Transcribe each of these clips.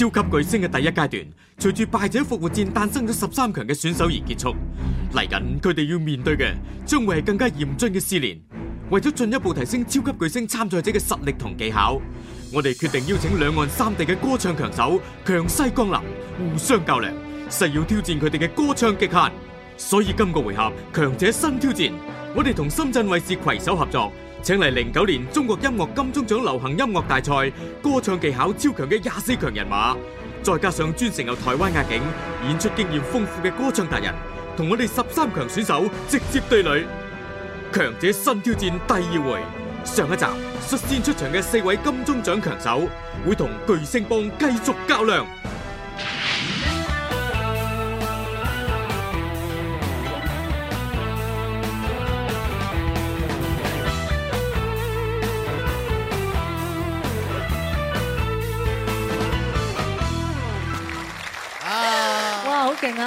超級巨星嘅第一階段，隨住敗者復活戰誕生咗十三強嘅選手而結束。嚟緊佢哋要面對嘅，將會係更加嚴峻嘅試煉。為咗進一步提升超級巨星參賽者嘅實力同技巧，我哋決定邀請兩岸三地嘅歌唱強手強勢降臨，互相較量，誓要挑戰佢哋嘅歌唱極限。所以今個回合，強者新挑戰，我哋同深圳衛視攜手合作。請嚟零九年中國音樂金鐘獎流行音樂大賽歌唱技巧超強嘅廿四強人馬，再加上專程由台灣壓境、演出經驗豐富嘅歌唱達人，同我哋十三強選手直接對壘。強者新挑戰第二回。上一集率先出場嘅四位金鐘獎強手，會同巨聲幫繼續較量。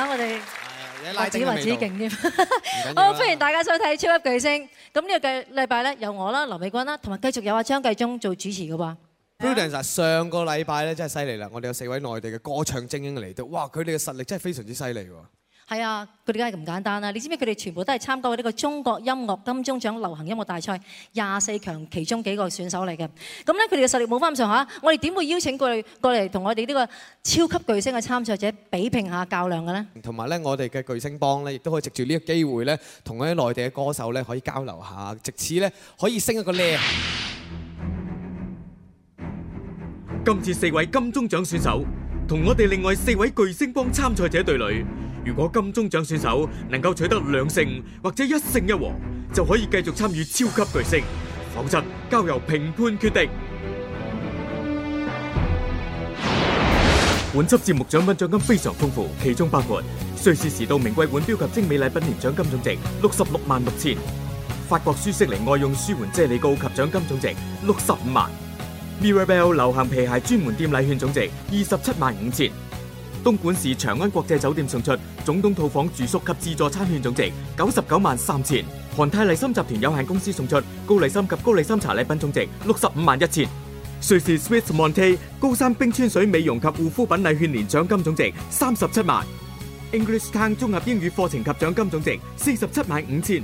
我哋太子王子勁添，好歡迎大家收睇《超級巨星》。咁呢個禮禮拜咧，由我啦，劉美君啦，同埋繼續有阿張繼聰做主持㗎喎。Blue Danza 上個禮拜咧真係犀利啦！我哋有四位內地嘅歌唱精英嚟到，哇！佢哋嘅實力真係非常之犀利喎。係啊，佢哋梗係唔簡單啦。你知唔知佢哋全部都係參加過呢個中國音樂金鐘獎流行音樂大賽廿四強其中幾個選手嚟嘅？咁咧，佢哋嘅實力冇翻咁上下，我哋點會邀請佢過嚟同我哋呢個超級巨星嘅參賽者比拼下較量嘅咧？同埋咧，我哋嘅巨星幫咧亦都可以藉住呢個機會咧，同嗰啲內地嘅歌手咧可以交流下，藉此咧可以升一個 level。今次四位金鐘獎選手同我哋另外四位巨星幫參賽者對壘。如果金鐘獎選手能夠取得兩勝或者一勝一和，就可以繼續參與超級巨星，否則交由評判決定。本輯節目獎品獎金非常豐富，其中包括瑞士時度名貴腕錶及精美禮品，年獎金總值六十六萬六千；法國舒適尼外用舒緩啫喱膏，及獎金總值六十五萬。Mirabelle 流行皮鞋專門店禮券總值二十七萬五千。東莞市長安國際酒店送出總統套房住宿及自助餐券總值九十九萬三千。韓泰麗參集團有限公司送出高麗參及高麗參茶禮品總值六十五萬一千。瑞士 Swiss Monty 高山冰川水美容及護膚品禮券年獎金總值三十七萬。English Town 綜合英語課程及獎金總值四十七萬五千。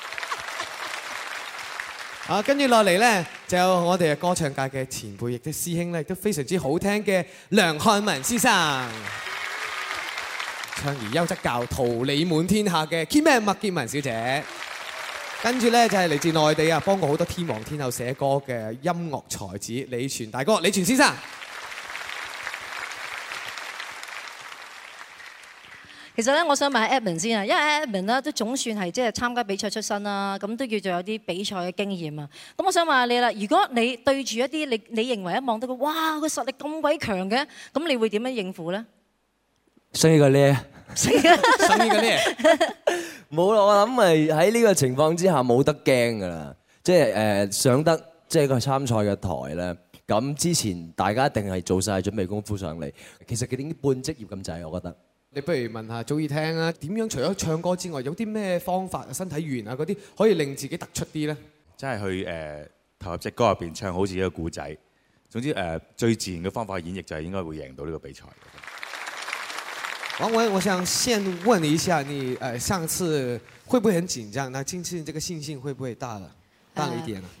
啊，跟住落嚟咧，就有我哋嘅歌唱界嘅前輩，亦都師兄咧，亦都非常之好聽嘅梁漢文先生， 唱而優則教，桃李滿天下嘅 Kimi 麥建文小姐，跟住咧就係、是、嚟自內地啊，幫過好多天王天后寫歌嘅音樂才子李泉大哥，李泉先生。其實咧，我想問阿 Edwin 先啊，因為 Edwin 咧都總算係即係參加比賽出身啦，咁都叫做有啲比賽嘅經驗啊。咁我想問下你啦，如果你對住一啲你你認為一望到佢，哇，佢實力咁鬼強嘅，咁你會點樣應付咧？身呢個叻，身呢個叻，冇啦！我諗係喺呢個情況之下冇得驚噶啦，即係誒上得即係個參賽嘅台咧。咁之前大家一定係做晒準備功夫上嚟，其實佢點半職業咁滯，我覺得。你不如問下鍾意聽啦，點樣除咗唱歌之外，有啲咩方法、身體語言啊嗰啲，可以令自己突出啲咧？即係去誒、呃、投入隻歌入邊唱，好自己嘅故仔。總之誒、呃，最自然嘅方法演繹就係應該會贏到呢個比賽。王偉，我想先問一下你誒、呃，上次會不會很緊張？那今次呢個信心會不會大了？大了一點啦。Uh...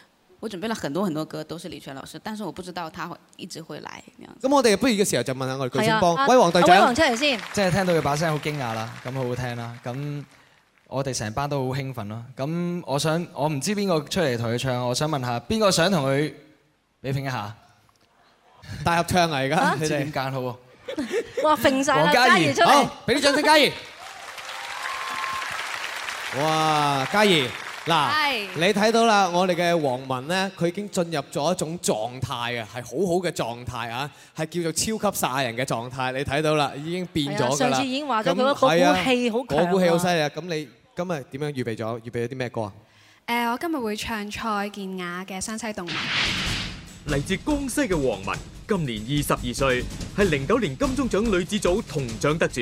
我準備了很多很多歌，都是李泉老師，但是我不知道他會一直會來。咁我哋不如嘅時候就問，問下我哋巨星幫、啊、威王隊長。威王出嚟先。即係聽到佢把聲好驚訝啦，咁好好聽啦。咁我哋成班都好興奮咯。咁我想，我唔知邊個出嚟同佢唱，我想問下邊個想同佢比拼一下大合唱嚟㗎，你哋點揀好？ 哇，嘉怡」王，好，俾啲掌聲嘉怡。 哇，嘉怡。嗱，你睇到啦，我哋嘅黃文咧，佢已經進入咗一種狀態嘅，係好好嘅狀態啊，係叫做超級殺人嘅狀態。你睇到啦，已經變咗啦。上次已經話咗佢嗰股氣好強，嗰股氣好犀利啊！咁你今日點樣預備咗？預備咗啲咩歌啊？誒、呃，我今日會唱蔡健雅嘅《雙棲動物》，嚟自江西嘅黃文，今年二十二歲，係零九年金鐘獎女子組銅獎得主。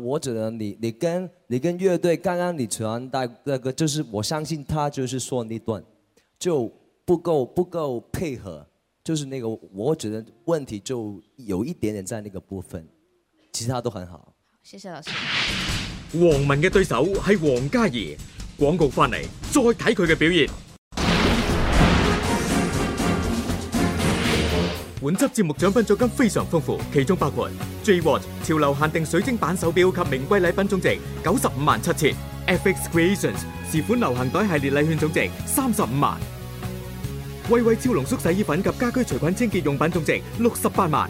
我覺得你你跟你跟樂隊，剛剛你傳帶那個，就是我相信他就是說那段就不夠不夠配合，就是那個我覺得問題就有一點點在那個部分，其他都很好。好，謝謝老師。黃文嘅對手係黃嘉怡，廣告翻嚟再睇佢嘅表現。本輯節目獎品獎金非常豐富，其中包括 J Watch 潮流限定水晶版手錶及名貴禮品總值九十五萬七千；FX Creations 時款流行袋系列禮券總值三十五萬；威威超濃縮洗衣粉及家居除菌清潔用品總值六十八萬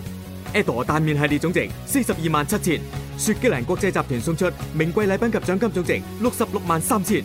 ；Adore 蛋麵系列總值四十二萬七千；雪肌蘭國際集團送出名貴禮品及獎金總值六十六萬三千。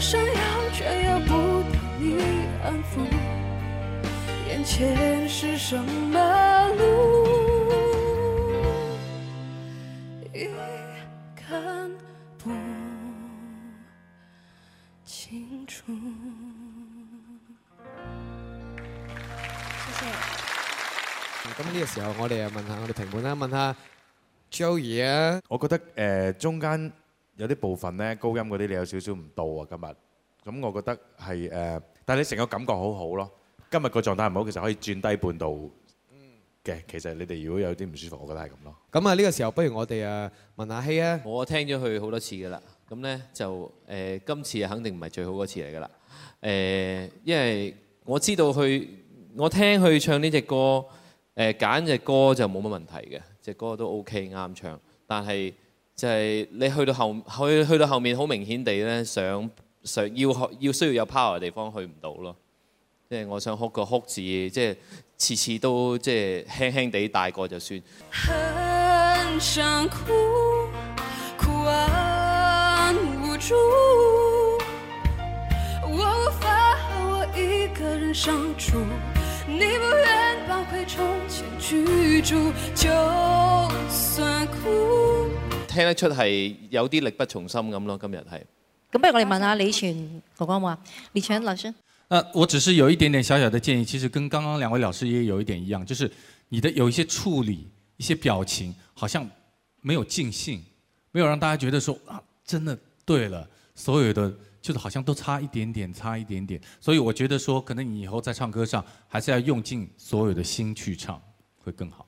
我想要，卻又不得。你安撫。眼前是什麼路，已看不清楚。謝謝。咁呢個時候，我哋又問下我哋評判啦，問下 Joey 啊。我覺得，誒，中間。有啲部分呢，高音嗰啲你有少少唔到啊，今日咁我覺得係誒，但係你成個感覺好好咯。今日個狀態唔好，其實可以轉低半度嘅。其實你哋如果有啲唔舒服，我覺得係咁咯。咁啊，呢個時候不如我哋啊問下希啊，我聽咗佢好多次噶啦，咁呢，就、呃、誒今次肯定唔係最好嗰次嚟噶啦。誒、呃，因為我知道佢，我聽佢唱呢隻歌，誒揀隻歌就冇乜問題嘅，隻歌都 OK 啱唱，但係。就係、是、你去到後去去到後面，好明顯地咧，想要要需要有 power 嘅地方去唔到咯。即、就、係、是、我想哭個哭字，即係次次都即係輕輕地帶過就算。很想哭，哭完無助，我無法和我一個人相處，你不願搬回從前居住，就算哭。聽得出係有啲力不從心咁咯，今日係。咁不如我哋問下李泉哥哥冇啊？李泉，李泉老師。我只是有一點點小小的建議，其實跟剛剛兩位老師也有一點一樣，就是你的有一些處理、一些表情，好像沒有盡興，沒有讓大家覺得說啊，真的對了，所有的就是好像都差一點點，差一點點。所以我覺得說，可能你以後在唱歌上，還是要用盡所有的心去唱，會更好。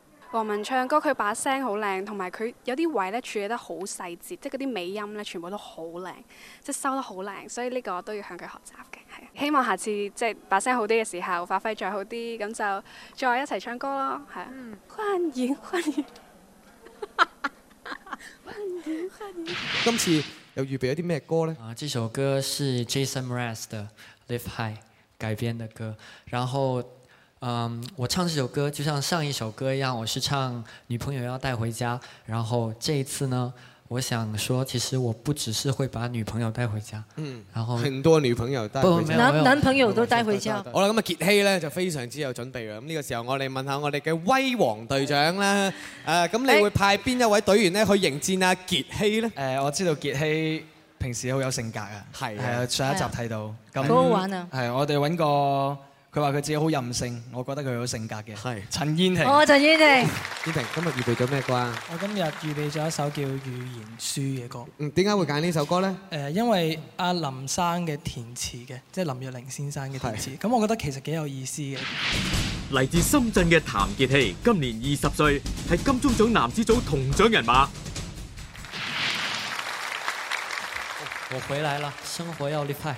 黃文唱歌，佢把聲好靚，同埋佢有啲位咧處理得好細節，即係嗰啲尾音咧全部都好靚，即係收得好靚，所以呢個我都要向佢學習嘅，係啊。希望下次即係把聲好啲嘅時候，發揮再好啲，咁就再一齊唱歌咯，係啊、嗯。歡迎歡迎，歡迎歡迎。今 次又預備咗啲咩歌呢？啊，這首歌是 Jason Mraz 的《Live High》改編的歌，然後。嗯，我唱這首歌就像上一首歌一樣，我是唱女朋友要帶回家。然後這一次呢，我想說其實我不只是會把女朋友帶回家，嗯，然後很多女朋友帶男男朋友都帶回家。回家好啦，咁啊傑希咧就非常之有準備啦。咁、這、呢個時候我哋問下我哋嘅威王隊長啦。誒，咁你會派邊一位隊員咧去迎戰阿傑希咧？誒，我知道傑希平時好有性格啊。係係啊，上一集睇到。咁好玩啊！係，我哋揾個。佢話佢自己好任性，我覺得佢好性格嘅。係陳燕婷，我陳燕婷，燕婷今日預備咗咩歌啊？我今日預備咗一首叫《預言書》嘅歌。嗯，點解會揀呢首歌咧？誒，因為阿林生嘅填詞嘅，即係林若寧先生嘅填詞。咁我覺得其實幾有意思嘅。嚟自深圳嘅譚傑希，今年二十歲，係金鐘獎男子組銅獎人馬。我回來了，生活要愉快。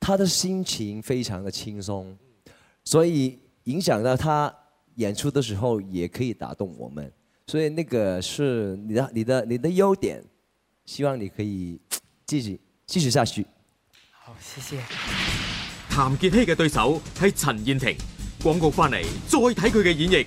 他的心情非常的輕鬆，所以影響到他演出的時候也可以打動我們，所以那個是你的、你的、你的優點，希望你可以繼續繼續下去。好，謝謝。譚杰希嘅對手係陳燕婷，廣告翻嚟再睇佢嘅演繹。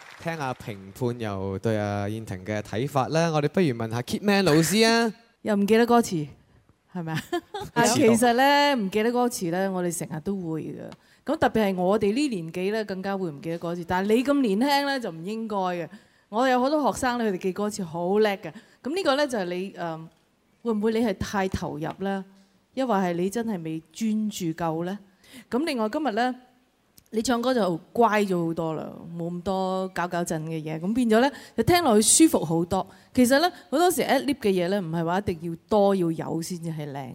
聽下評判又對阿燕婷嘅睇法啦。我哋不如問下 Kit Man 老師啊，又唔記得歌詞係咪啊？ 其實咧唔記得歌詞咧，我哋成日都會嘅。咁特別係我哋呢年紀咧，更加會唔記得歌詞。但係你咁年輕咧，就唔應該嘅。我有好多學生咧，佢哋記歌詞好叻嘅。咁呢個咧就係、是、你誒、呃，會唔會你係太投入咧？抑或係你真係未專注夠咧？咁另外今日咧。你唱歌就乖咗好多啦，冇咁多搞搞震嘅嘢，咁變咗呢，就聽落去舒服好多。其實呢，好多時 ad lib 嘅嘢呢，唔係話一定要多要有先至係靚嘅，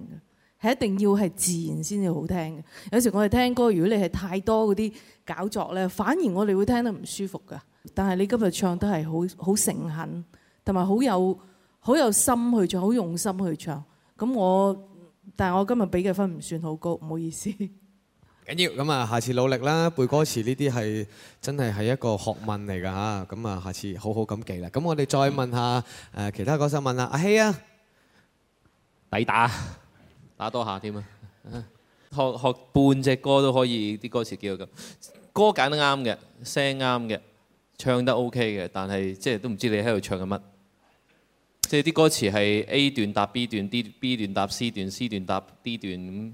係一定要係自然先至好聽嘅。有時我哋聽歌，如果你係太多嗰啲搞作呢，反而我哋會聽得唔舒服噶。但係你今日唱都係好好誠懇，同埋好有好有心去唱，好用心去唱。咁我，但係我今日俾嘅分唔算好高，唔好意思。緊要咁啊！下次努力啦，背歌詞呢啲係真係係一個學問嚟㗎嚇。咁啊，下次好好咁記啦。咁我哋再問下誒其他歌手問下。阿、嗯、希啊，啊，hey 啊，抵打打多下添啊！學學半隻歌都可以啲歌詞叫咁，歌揀得啱嘅，聲啱嘅，唱得 OK 嘅，但係即係都唔知你喺度唱緊乜。即係啲歌詞係 A 段搭 B 段，D B 段搭 C 段，C 段搭 D 段咁。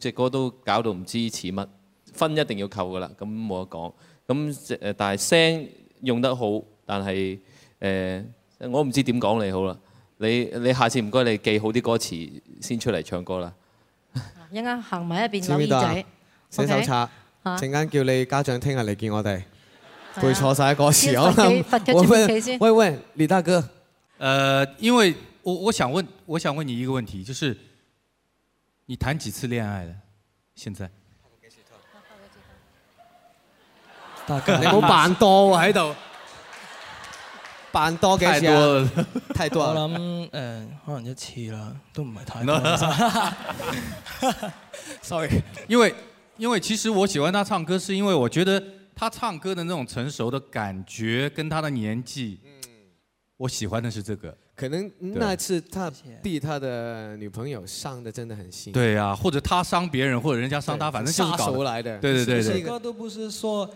隻歌都搞到唔知似乜，分一定要扣噶啦，咁冇得講。咁誒，但、呃、係聲用得好，但係誒、呃，我唔知點講你好啦。你你下次唔該，你記好啲歌詞先出嚟唱歌啦。一陣間行埋一邊，唸字仔，寫手冊。陣、okay？間、啊、叫你家長聽日嚟見我哋，背錯晒啲歌詞。在時先，面先，喂喂，列達哥，誒、呃，因為我我想問，我想問你一個問題，就是。你談幾次戀愛了？現在？啊、我 大哥概，你冇扮多喎喺度，扮 多幾了次？ 太多了， 嗯哎、我諗，誒，可能一次啦，都唔係太多了。 Sorry，因為因為其實我喜歡他唱歌，是因為我覺得他唱歌的那種成熟的感覺，跟他的年紀，嗯、我喜歡的是這個。可能那次他對他的女朋友傷的真的很心。對啊，或者他傷別人，或者人家傷他，反正就係下手來的。對對對對。歌都唔係說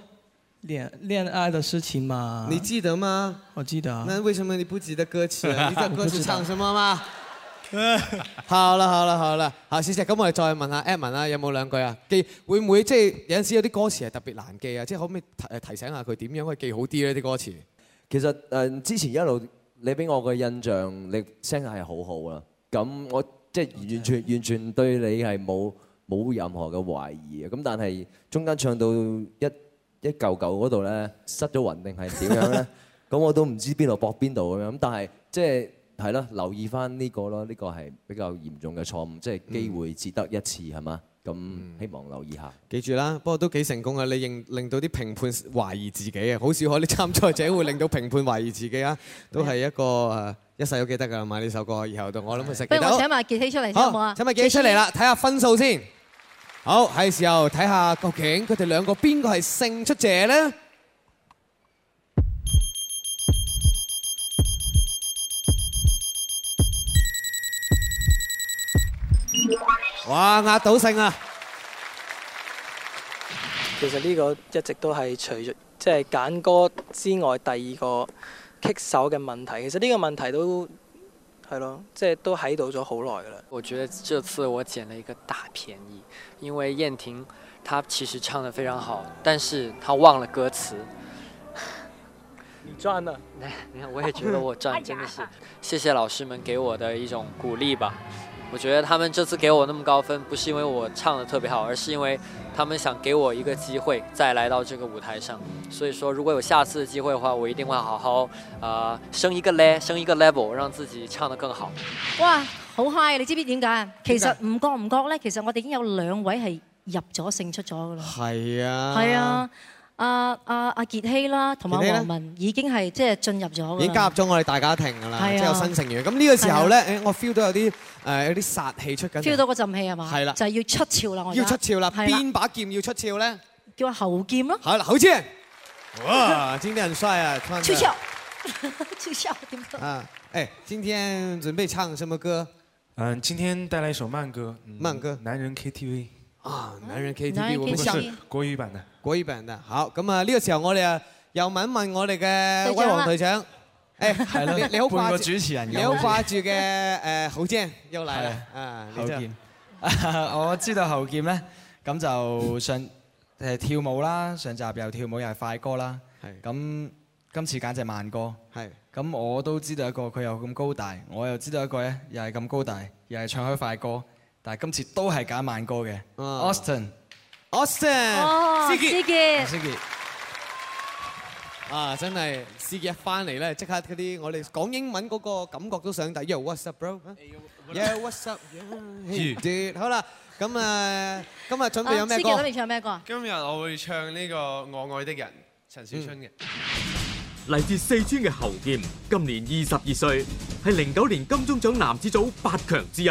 戀戀愛的事情嘛。你記得嗎？我記得、啊。那為什麼你不記得歌詞、啊？記得歌詞唱什麼嗎？好啦好啦好啦，好，謝謝咁我哋再問下 Edmond 啦，有冇兩句啊？記會唔會即係有陣時有啲歌詞係特別難記啊？即係可唔可以提提醒下佢點樣可以記好啲呢啲歌詞？其實誒、呃，之前一路。你俾我個印象，你聲係好好啊。咁我即係完全完全對你係冇冇任何嘅懷疑啊。咁但係中間唱到一一嚿嚿嗰度咧，失咗魂定係點樣咧？咁我都唔知邊度搏邊度咁。但係即係。係咯，留意翻呢個咯，呢個係比較嚴重嘅錯誤，即係機會只得一次係嘛？咁希望留意下。記住啦，不過都幾成功啊！你令令到啲評判懷疑自己啊，好少可啲參賽者會令到評判懷疑自己啊，都係一個誒，一世都記得㗎嘛呢首歌，以後到我諗佢識記得。不如我請埋傑希出嚟，好唔好啊？請埋傑希出嚟啦，睇下分數先。好，係時候睇下究竟佢哋兩個邊個係勝出者咧？哇！壓倒性啊！其實呢個一直都係除咗即係揀歌之外，第二個棘手嘅問題。其實呢個問題都係咯，即係、就是、都喺度咗好耐噶啦。我覺得這次我撿了一個大便宜，因為燕婷她其實唱得非常好，但是她忘了歌詞。你賺啦！我我也覺得我賺，真的是謝謝老師們給我的一種鼓勵吧。我覺得他們這次給我那麼高分，不是因為我唱得特別好，而是因為他們想給我一個機會再來到這個舞台上。所以說，如果有下次的機會嘅話，我一定會好好啊、呃、升一個 level，升一個 level，讓自己唱得更好。哇，好嗨！你知唔知點解？其實唔覺唔覺咧，其實我哋已經有兩位係入咗勝出咗嘅、啊啊啊啊、啦。係啊，係啊，阿阿阿杰希啦，同埋王文已經係即係進入咗，已經加入咗我哋大家庭噶啦，即係、啊、有新成員。咁呢個時候咧，誒、啊，我 feel 到有啲。誒、呃、有啲殺氣出緊，飄到嗰陣氣係嘛？係啦，就係要出鞘啦！我覺得要出鞘啦！邊把劍要出鞘咧？叫後劍咯。好啦，侯劍哇，今天很帥啊，穿 出鞘， 出鞘，聽唔啊，誒、哎，今天準備唱什麼歌？嗯、呃，今天帶來一首慢歌、嗯，慢歌《男人 KTV》。啊，男人 KTV，男人 KTV 我們是國語版的，國語版的。好，咁啊呢個時候我哋又問問我哋嘅威王長隊長。係咯，你好掛住主持人嘅，你好掛住嘅，誒，侯健又嚟，啊，侯健，我知道侯健咧，咁就上誒跳舞啦，上集又跳舞又係快歌啦，係，咁今次揀隻慢歌，係，咁我都知道一個，佢又咁高大，我又知道一個咧，又係咁高大，又係唱開快歌，但係今次都係揀慢歌嘅、啊、Austin、Austin、Siggy、哦、Siggy 啊！真係司杰一翻嚟咧，即刻嗰啲我哋講英文嗰個感覺都想第一。What's up, bro? Yeah, what's up? 好啦，咁啊，今日準備有咩歌？司杰準備唱咩歌？今日我會唱呢個我愛的人，陳小春嘅。嚟自四川嘅侯劍，今年二十二歲，係零九年金鐘獎男子組八強之一。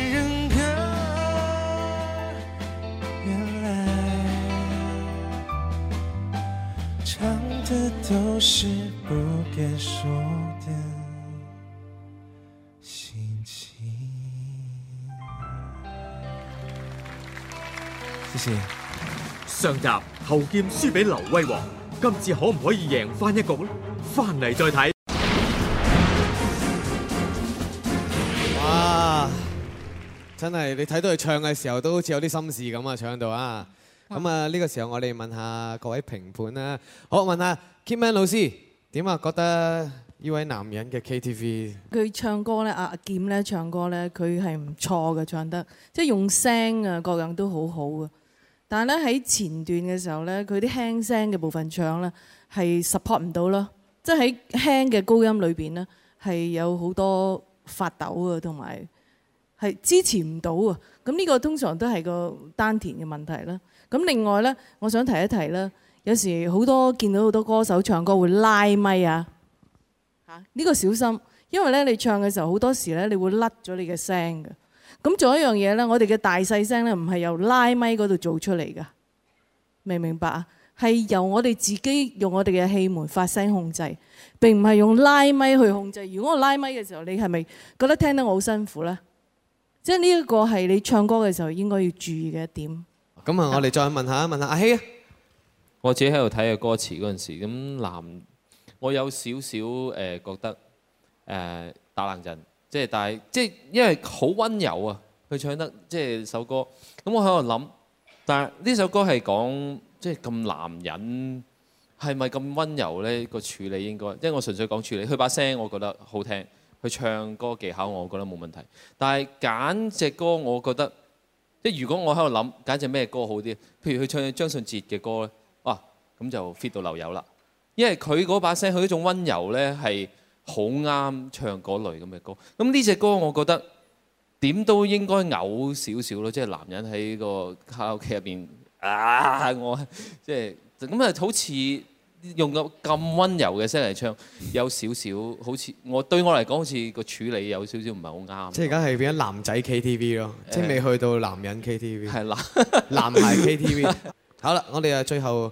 就是不說的心情謝謝。上集侯劍輸俾劉威王，今次可唔可以贏翻一局呢？翻嚟再睇。哇！真係你睇到佢唱嘅時候，都好似有啲心事咁啊！唱到啊！咁啊，呢個時候我哋問下各位評判啦。好，問下。Kim Man 老師點啊？覺得呢位男人嘅 KTV，佢唱歌呢，阿劍呢唱歌呢，佢係唔錯嘅，唱得即係用聲啊，各樣都好好啊。但係呢，喺前段嘅時候呢，佢啲輕聲嘅部分唱呢，係 support 唔到咯。即係喺輕嘅高音裏邊呢，係有好多發抖啊，同埋係支持唔到啊。咁呢個通常都係個丹田嘅問題啦。咁另外呢，我想提一提啦。有時好多見到好多歌手唱歌會拉咪啊，嚇，呢個小心，因為咧你唱嘅時候好多時咧，你會甩咗你嘅聲嘅。咁仲有一樣嘢咧，我哋嘅大細聲咧，唔係由拉咪嗰度做出嚟噶，明唔明白啊？係由我哋自己用我哋嘅氣門發聲控制，並唔係用拉咪去控制。如果我拉咪嘅時候，你係咪覺得聽得我好辛苦咧？即係呢一個係你唱歌嘅時候應該要注意嘅一點。咁啊，我哋再問下問下阿希啊。我自己喺度睇嘅歌詞嗰陣時，咁男，我有少少誒覺得誒、呃、打冷震，即係但係即係因為好温柔啊，佢唱得即係首歌。咁我喺度諗，但係呢首歌係講即係咁男人係咪咁温柔呢個處理應該，因為我純粹講處理。佢把聲我覺得好聽，佢唱歌技巧我覺得冇問題。但係揀隻歌，我覺得即係如果我喺度諗揀隻咩歌好啲，譬如佢唱張信哲嘅歌咧。咁就 fit 到流油啦，因為佢嗰把聲，佢嗰種温柔呢，係好啱唱嗰類咁嘅歌。咁呢隻歌，我覺得點都應該嘔少少咯，即係男人喺個卡拉 OK 入邊啊，我即係咁啊，即係、噉咪好似用個咁温柔嘅聲嚟唱有少少，有少少好似我對我嚟講，好似個處理有少少唔係好啱。即係而家係變咗男仔 KTV 咯，即係未去到男人 KTV。係男男孩 KTV。 好啦，我哋啊最後。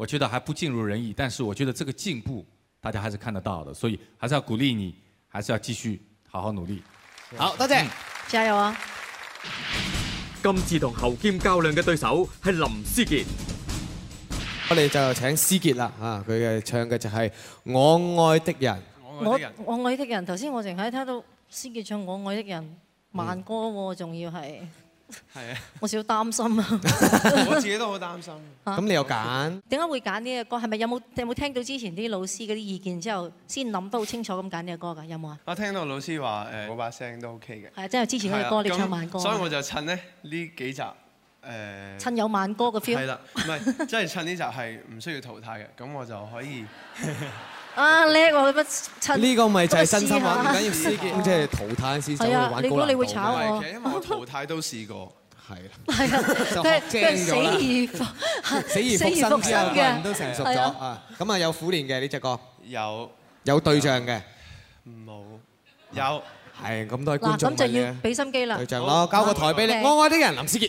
我覺得還不盡如人意，但是我覺得這個進步大家還是看得到的，所以還是要鼓勵你，還是要繼續好好努力。好，多謝、嗯、加油啊！今次同侯劍較量嘅對手係林思傑，我哋就請思傑啦吓，佢嘅唱嘅就係、是《我愛的人》。我我愛的人，頭先我淨係聽到思傑唱《我愛的人》慢歌、啊，仲要係。嗯係啊，我少擔心啊。 我自己都好擔心。咁你又揀？點解會揀呢個歌？係咪有冇有冇聽到之前啲老師嗰啲意見之後，先諗得好清楚咁揀呢個歌㗎？有冇啊？我聽到老師話誒，嗰、呃、把 聲都 OK 嘅。係啊，即係之前嗰隻歌，你唱慢歌。所以我就趁咧呢幾集誒、呃，趁有慢歌嘅 feel。係啦，唔係，即係趁呢集係唔需要淘汰嘅，咁我就可以。 啊叻喎！乜？呢個咪就係真心話，唔緊要試嘅，咁即係淘汰先走去玩高啦。你覺得你會炒我？因為我淘汰都試過，係啊，就係精咗啦。死而復死而復生之後，咁都成熟咗啊！咁啊有苦練嘅呢隻歌，有有對象嘅，冇有，係咁多觀眾嘅。男，咁就要俾心機啦。對象咯，交個台俾你，我愛的人，林思傑。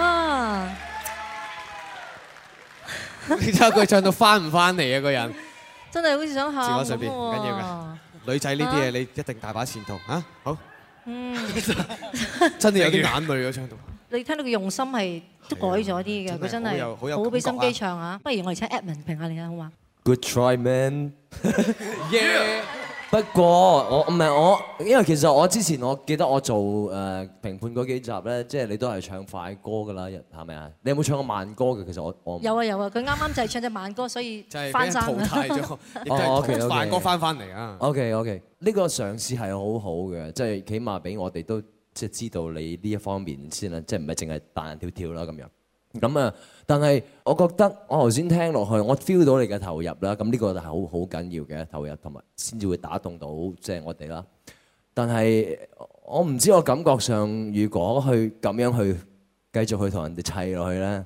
啊！你睇下佢唱到翻唔翻嚟啊，個人真係好似想喊。自我上邊唔緊要㗎，女仔呢啲嘢你一定大把前途嚇。好，嗯，真係有啲眼淚喺唱到。你聽到佢用心係都改咗啲嘅，佢真係好俾心機唱啊。不如我哋請 Edwin 評下你啦，好嘛？Good try, man. Yeah. 不過我唔係我，因為其實我之前我記得我做誒評判嗰幾集咧，即係你都係唱快歌噶啦，係咪啊？你有冇唱過慢歌嘅？其實我我有啊有啊，佢啱啱就係唱隻慢歌，所以就係翻生啊！哦哦，快歌翻翻嚟啊！OK OK，呢個嘗試係好好嘅，即係起碼俾我哋都即係知道你呢一方面先啦，即係唔係淨係彈跳跳啦咁樣。咁啊！但係，我覺得我頭先聽落去，我 feel 到你嘅投入啦。咁呢個就好好緊要嘅投入，同埋先至會打動到即係、就是、我哋啦。但係我唔知我感覺上，如果去咁樣去繼續去同人哋砌落去咧，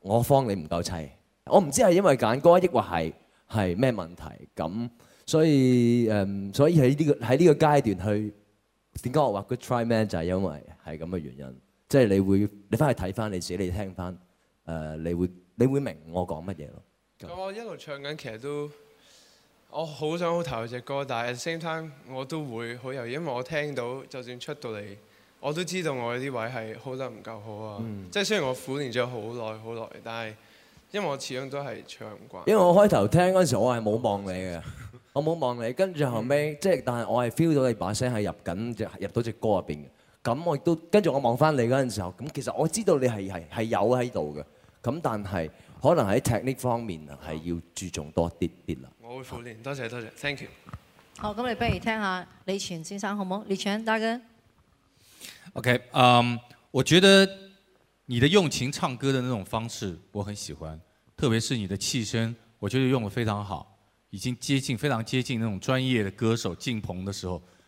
我方你唔夠砌。我唔知係因為揀歌，抑或係係咩問題。咁所以誒，所以喺呢、這個喺呢個階段去點解我話 good try man 就係因為係咁嘅原因。即係你會，你翻去睇翻你自己，你聽翻，誒，你會你會明我講乜嘢咯。咁我一路唱緊，其實都我好想好投隻歌，但係 same time 我都會好猶豫，因為我聽到，就算出到嚟，我都知道我啲位係好得唔夠好啊。即、嗯、係雖然我苦練咗好耐好耐，但係因為我始終都係唱唔慣。因為我開頭聽嗰陣時，我係冇望你嘅， 我冇望你，跟住後尾，即、嗯、係、但係我係 feel 到你把聲係入緊入到隻歌入邊嘅。咁我亦都跟住我望翻你嗰陣時候，咁其實我知道你係係係有喺度嘅，咁但係可能喺 technique 方面啊，係要注重多啲啲啦。我會苦練，多謝多謝，thank you。好，咁你不如聽下李泉先生好唔好？李泉大哥。OK，嗯、um，我覺得你的用情唱歌的那種方式我很喜歡，特別是你的氣聲，我覺得用得非常好，已經接近非常接近那種專業的歌手進棚的時候。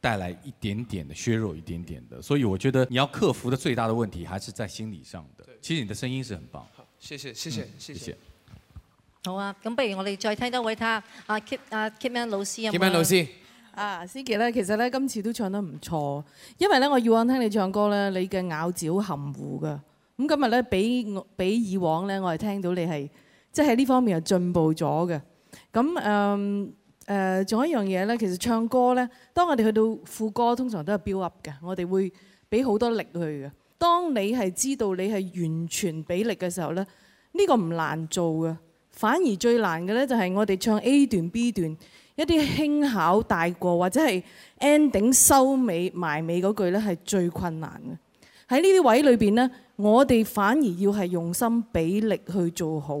帶來一點點嘅削弱，一點點嘅。所以我覺得你要克服的最大的問題還是在心理上的。其實你的聲音是很棒。好，謝謝，謝謝，嗯、謝謝。好啊，咁不如我哋再聽多位他，阿 Keep 阿 Keepin 老師啊。Keepin 老師，啊思琪咧，其實咧今次都唱得唔錯，因為咧我以往聽你唱歌咧，你嘅咬字好含糊噶。咁今日咧比比以往咧，我係聽到你係即係呢方面係進步咗嘅。咁嗯。Um, 誒、呃，仲有一樣嘢呢，其實唱歌呢，當我哋去到副歌，通常都係 build up 嘅，我哋會俾好多力去嘅。當你係知道你係完全俾力嘅時候呢，呢、呢個唔難做嘅，反而最難嘅呢，就係我哋唱 A 段、B 段一啲輕巧大過或者係 ending 收尾埋尾嗰句呢，係最困難嘅。喺呢啲位裏邊呢，我哋反而要係用心俾力去做好。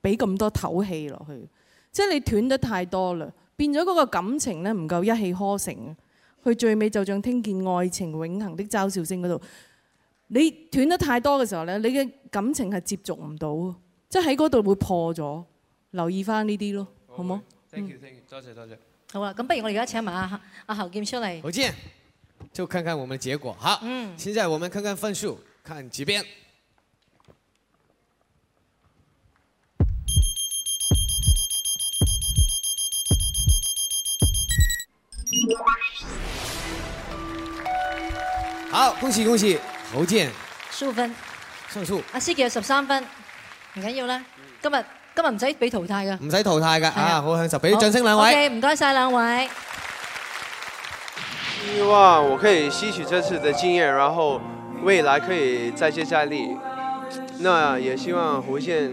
俾咁多透氣落去，即係你斷得太多啦，變咗嗰個感情咧唔夠一氣呵成啊！佢最尾就像聽見愛情永恆的嘲笑聲嗰度，你斷得太多嘅時候咧，你嘅感情係接觸唔到，即係喺嗰度會破咗。留意翻呢啲咯，好冇？多謝多謝。Thank you, thank you.、嗯、謝謝，謝謝。好啦，咁不如我哋而家請埋阿阿侯劍出嚟。侯劍就看看我們的結果吓？嗯。現在我們看看分數，看幾邊。好，恭喜恭喜，侯健，十五分，勝出啊，阿謝有十三分，唔緊要啦，今日今日唔使俾淘汰噶，唔使淘汰噶啊，好享受，俾掌聲兩位，OK，唔該晒兩位。希望我可以吸取這次的經驗，然後未來可以再接再厲。那也希望侯健，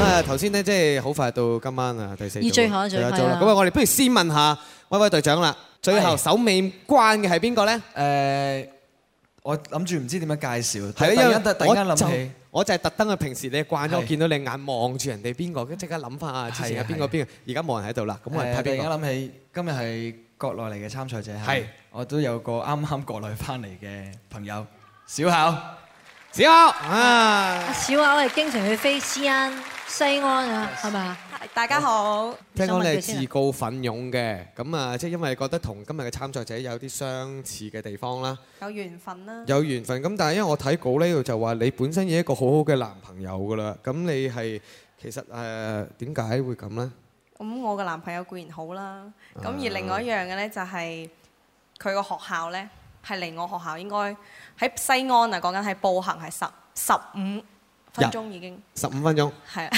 啊！頭先咧，即係好快到今晚啊，第四組，係啊，最後一組啦。咁啊，我哋不如先問下威威隊長啦。最後守尾關嘅係邊個咧？誒，我諗住唔知點樣介紹。係咧，因為我就係特登啊！平時你慣咗見到你眼望住人哋邊個，跟住即刻諗翻啊！之前係邊個邊個，而家冇人喺度啦。咁啊，突然間諗起，今日係國內嚟嘅參賽者。係，我都有個啱啱國內翻嚟嘅朋友，小考。小口啊！小口我哋經常去飛斯恩西安啊，係咪啊？大家好，聽講你係自告奮勇嘅，咁啊，即係因為覺得同今日嘅參賽者有啲相似嘅地方啦，有緣分啦，有緣分。咁但係因為我睇稿呢度，就話你本身已經一個好好嘅男朋友噶啦，咁你係其實誒點解會咁咧？咁我嘅男朋友固然好啦，咁而另外一樣嘅咧就係佢個學校咧。係嚟我學校，應該喺西安啊！講緊係步行，係十十五分鐘已經。十五分鐘。係啊。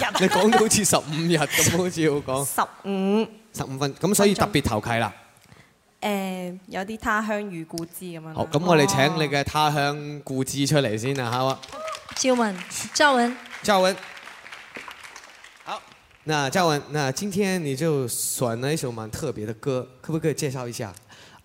日。你講到好似十五日咁，好似要講。十五。十五分咁，啊、 分分所以特別投契啦。誒、呃，有啲他鄉遇故知咁樣。好，咁我哋請你嘅他鄉故知出嚟先啊，好啊。趙、哦、文，趙文。趙文。好，嗱，趙文，嗱，今天你就選咗一首蠻特別嘅歌，可唔可以介紹一下？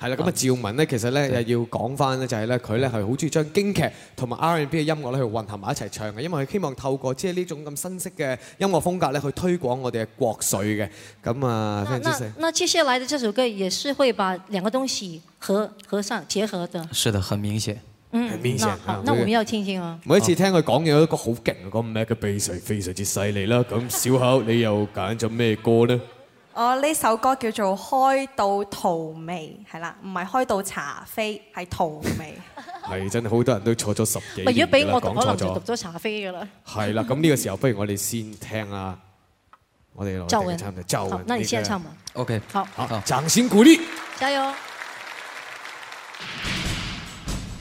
係啦，咁啊趙文咧，其實咧又要講翻咧，就係咧佢咧係好中意將京劇同埋 R&B 嘅音樂咧去混合埋一齊唱嘅，因為佢希望透過即係呢種咁新式嘅音樂風格咧去推廣我哋嘅國粹嘅。咁啊，非常之正。那那，那，那接下來嘅這首歌也是會把兩個東西合合上結合的。是的，很明顯。嗯。很明顯。那那我們要聽聽啊。每一次聽佢講嘢，有一個好勁嘅歌，咩嘅背非常之犀利啦。咁小巧，你又揀咗咩歌咧？我呢首歌叫做開到荼蘼，係啦，唔係開到茶啡，係荼蘼。係 真係好多人都坐咗十幾年，如果俾我，我可能就讀咗茶啡噶啦。係啦，咁呢個時候，不如我哋先聽啊，我哋落台差唔多，就，嗱你先啊，差唔多。O K，好，好，掌聲鼓勵，加油！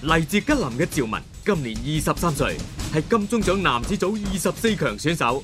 嚟自吉林嘅趙文，今年二十三歲，係金鐘獎男子組二十四強選手。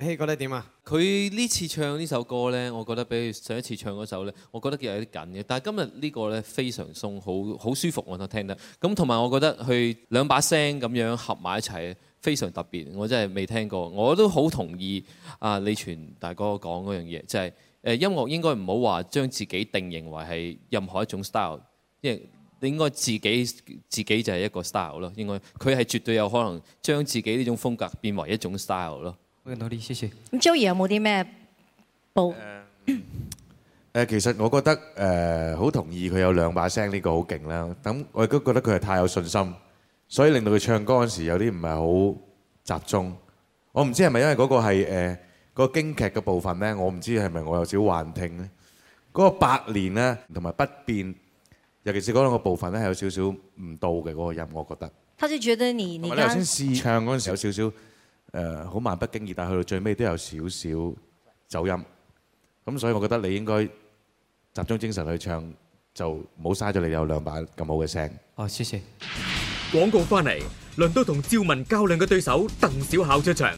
嘿，覺得點啊？佢呢次唱呢首歌呢，我覺得比上一次唱嗰首呢，我覺得佢有啲緊嘅。但係今日呢個呢，非常鬆，好好舒服我都聽得。咁同埋我覺得佢兩把聲咁樣合埋一齊，非常特別。我真係未聽過，我都好同意啊李泉大哥講嗰樣嘢，就係、誒、音樂應該唔好話將自己定型為係任何一種 style，因為應該自己自己就係一個 style 咯。應該佢係絕對有可能將自己呢種風格變為一種 style 咯。見到啲事事咁，Joey 有冇啲咩報？誒，其實我覺得誒，好同意佢有兩把聲，呢個好勁啦。咁我亦都覺得佢係太有信心，所以令到佢唱歌嗰時有啲唔係好集中。我唔知係咪因為嗰個係誒嗰個京劇嘅部分咧？我唔知係咪我有少幻聽咧。嗰個百年咧同埋不變，尤其是嗰兩個部分咧，係有少少唔到嘅嗰個音，我覺得。佢就覺得你你試唱嗰陣時有少少。誒好漫不經意，但係去到最尾都有少少走音，咁所以我覺得你應該集中精神去唱，就唔好嘥咗你有兩把咁好嘅聲。哦，謝謝。廣告翻嚟，輪到同趙文較量嘅對手鄧小巧出場。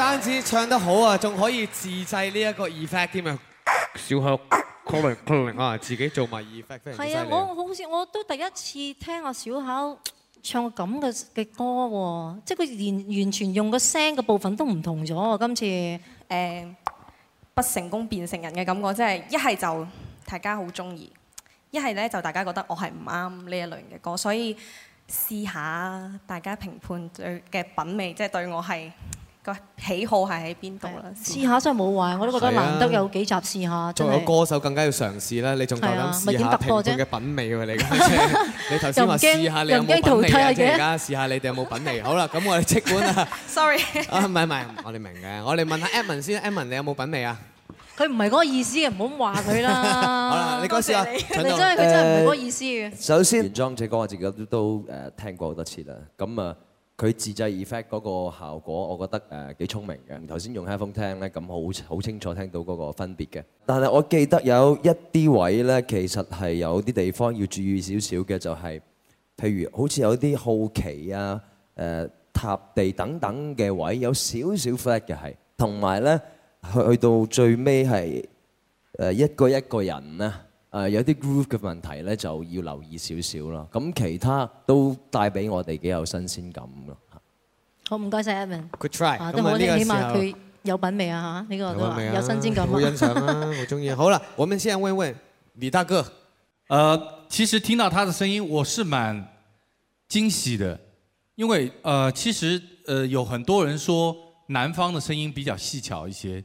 唔單止唱得好啊，仲可以自製呢一個 effect 添啊！小口，零零啊，自己做埋 effect，非常犀利。係啊，我好似我都第一次聽我小口唱咁嘅嘅歌喎，即係佢完完全用個聲嘅部分都唔同咗。今次誒不成功變成人嘅感覺，即係一係就大家好中意，一係咧就大家覺得我係唔啱呢一類嘅歌，所以試下大家評判對嘅品味，即係對我係。個喜好係喺邊度啦？試下真係冇壞，我都覺得難得有幾集試下。作為歌手更加要嘗試啦！你仲夠膽試下？聽到嘅品味喎，你你頭先話試下你有冇品味啊？而家試下你哋有冇品味？好啦，咁我哋即管啦。Sorry。啊，唔係唔係，我哋明嘅。我哋問下 Edwin 先，Edwin 你有冇品味啊？佢唔係嗰個意思嘅，唔好咁話佢啦。好啦，你講先啊，陳導。佢真係佢真係唔係嗰個意思嘅。首先，原裝嗰首歌我自己都都誒聽過好多次啦。咁啊。佢自製 effect 嗰個效果，我覺得誒幾聰明嘅。頭先用 iPhone 聽咧，咁好好清楚聽到嗰個分別嘅。但係我記得有一啲位咧，其實係有啲地方要注意少少嘅，就係譬如好似有啲好奇啊、誒踏地等等嘅位置有一點點的有，有少少 flat 嘅係。同埋咧去到最尾係誒一個一個人咧。誒、uh, 有啲 group 嘅問題咧，就要留意少少啦。咁其他都帶俾我哋幾有新鮮感咯。嚇，好唔該晒 Evan。Good try，啊。咁我哋起碼佢有品味啊嚇，呢、這個都有，啊、有新鮮感、啊。好，啊我 好，我們先問問李大哥。誒、uh, 其實聽到他的聲音，我是滿驚喜的，因為誒、uh, 其實誒、uh, 有很多人說南方嘅聲音比較細巧一些。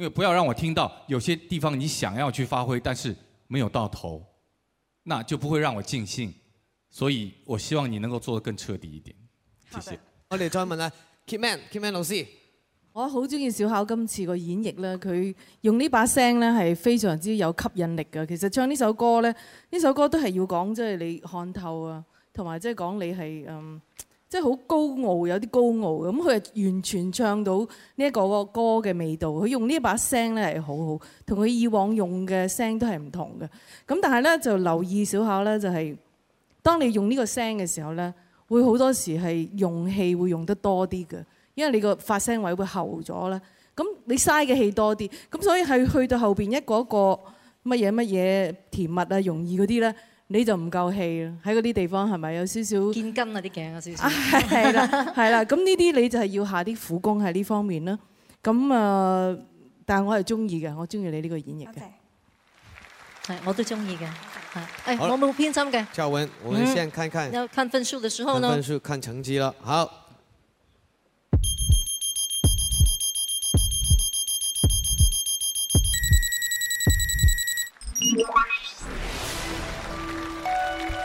因為不要讓我聽到有些地方你想要去發揮，但是沒有到頭，那就不會讓我盡興。所以我希望你能夠做得更徹底一點。謝謝。我哋再問下 Keep Man，Keep Man 老師，我好中意小考今次個演繹咧，佢用呢把聲咧係非常之有吸引力㗎。其實唱呢首歌咧，呢首歌都係要講即係你看透啊，同埋即係講你係嗯。即係好高傲，有啲高傲咁，佢係完全唱到呢一個個歌嘅味道。佢用呢一把聲咧係好好，同佢以往用嘅聲都係唔同嘅。咁但係咧就留意少少咧、就是，就係當你用呢個聲嘅時候咧，會好多時係用氣會用得多啲嘅，因為你個發聲位會厚咗啦。咁你嘥嘅氣多啲，咁所以係去到後邊一個一個乜嘢乜嘢甜蜜啊、容易嗰啲咧。你就唔夠氣啦，喺嗰啲地方係咪有少少見筋啊？啲頸有少少，係啦係啦，咁呢啲你就係要下啲苦功喺呢方面啦。咁啊、呃，但係我係中意嘅，我中意你呢個演繹嘅，係、okay. 我都中意嘅，係，誒我冇偏心嘅。周文，我哋先看看，嗯、要看分數嘅時候呢？分數看成績啦，好。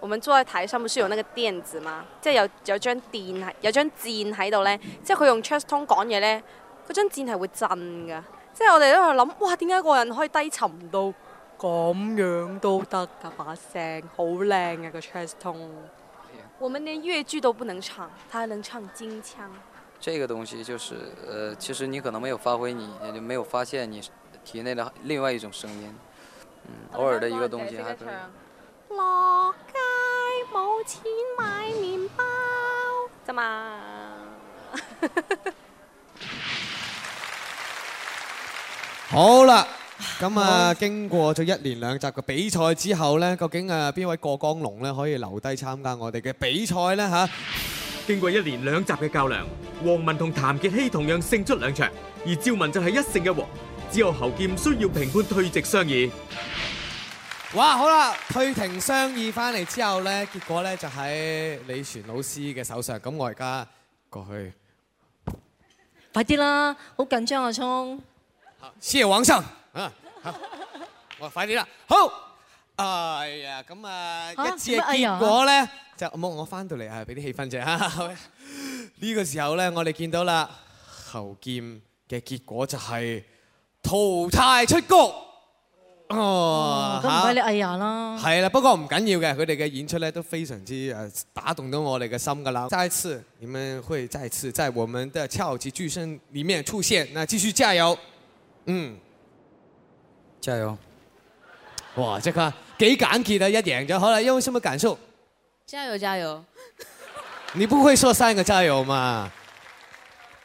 我們坐在台上，不是有那個墊子嘛，即係有有張墊，有張箭喺度呢。即係佢用 cheston 講嘢呢，嗰張箭係會震噶，即係我哋都喺度諗，哇點解個人可以低沉到咁樣都得㗎？把聲好靚呀個 cheston。Chest yeah. 我們連粵劇都不能唱，他還能唱金槍。這個東西就是、呃，其實你可能沒有發揮你，yeah. 也就沒有發現你體內的另外一種聲音，嗯、 偶爾的一個東西還，還 這西、就是呃、可落街冇錢買麵包咋嘛？ 好啦，咁啊，經過咗一連兩集嘅比賽之後呢，究竟，啊邊位過江龍呢可以留低參加我哋嘅比賽呢？吓？經過一連兩集嘅較量，黃文同譚傑希同樣勝出兩場，而趙文就係一勝一和，只有侯劍需要評判退席商議。哇，好啦，退庭商議翻嚟之後咧，結果咧就喺李璇老師嘅手上。咁我而家過去，快啲啦，好緊張啊，聰。好，謝往上。嗯、啊，好， 快啲啦。好，哎、uh, 呀、yeah, 啊，咁啊，一次嘅結果咧、哎，就冇我翻到嚟啊，俾啲氣氛先呢 個時候咧，我哋見到啦，侯劍嘅結果就係淘汰出局。Oh, 哦，咁唔該你哎呀啦。係啦，不過唔緊要嘅，佢哋嘅演出咧都非常之誒打動到我哋嘅心噶啦。再一次，你們會再次在我們的超級巨聲裏面出現，那繼續加油，嗯，加油。哇，這個幾簡潔的一點嘅，後來又什麼感受？加油，加油。你不會說三個加油嘛？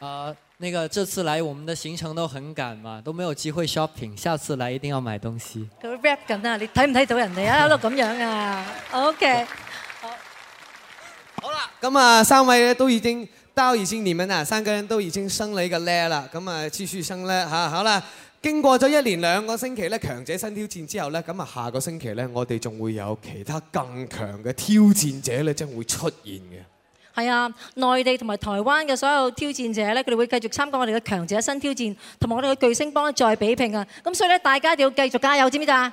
啊、呃。呢個這次來我們的行程都很趕嘛，都沒有機會 shopping。下次來一定要買東西。佢 rap 緊啊，你睇唔睇到人哋啊？一路咁樣啊。OK。好了。好啦，咁啊，三位咧都已經到，已經你們啊三個人都已經生了一個 level 啦。咁啊，繼續生咧吓好啦。經過咗一年兩個星期咧強者新挑戰之後咧，咁啊下個星期咧我哋仲會有其他更強嘅挑戰者咧將會出現嘅。係啊，內地同埋台灣嘅所有挑戰者呢，佢哋會繼續參加我哋嘅強者新挑戰，同埋我哋嘅巨星幫再比拼啊！咁所以呢，大家一定要繼續加油，知唔知啊！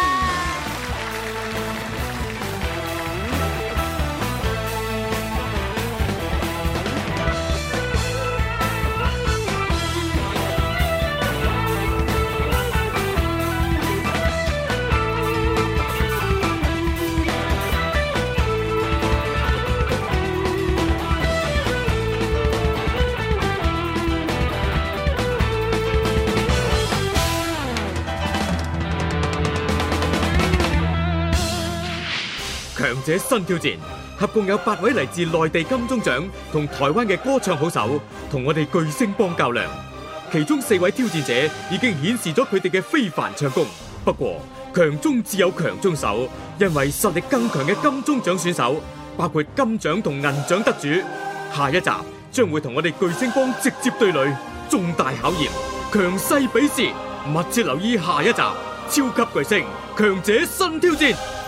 者新挑戰，合共有八位來自內地金鐘獎同台灣嘅歌唱好手，同我哋巨聲幫較量。其中四位挑戰者已經顯示咗佢哋嘅非凡唱功。不過強中自有強中手，因為實力更強嘅金鐘獎選手，包括金獎同銀獎得主，下一集將會同我哋巨聲幫直接對壘，重大考驗，強勢比試，密切留意下一集超級巨聲強者新挑戰。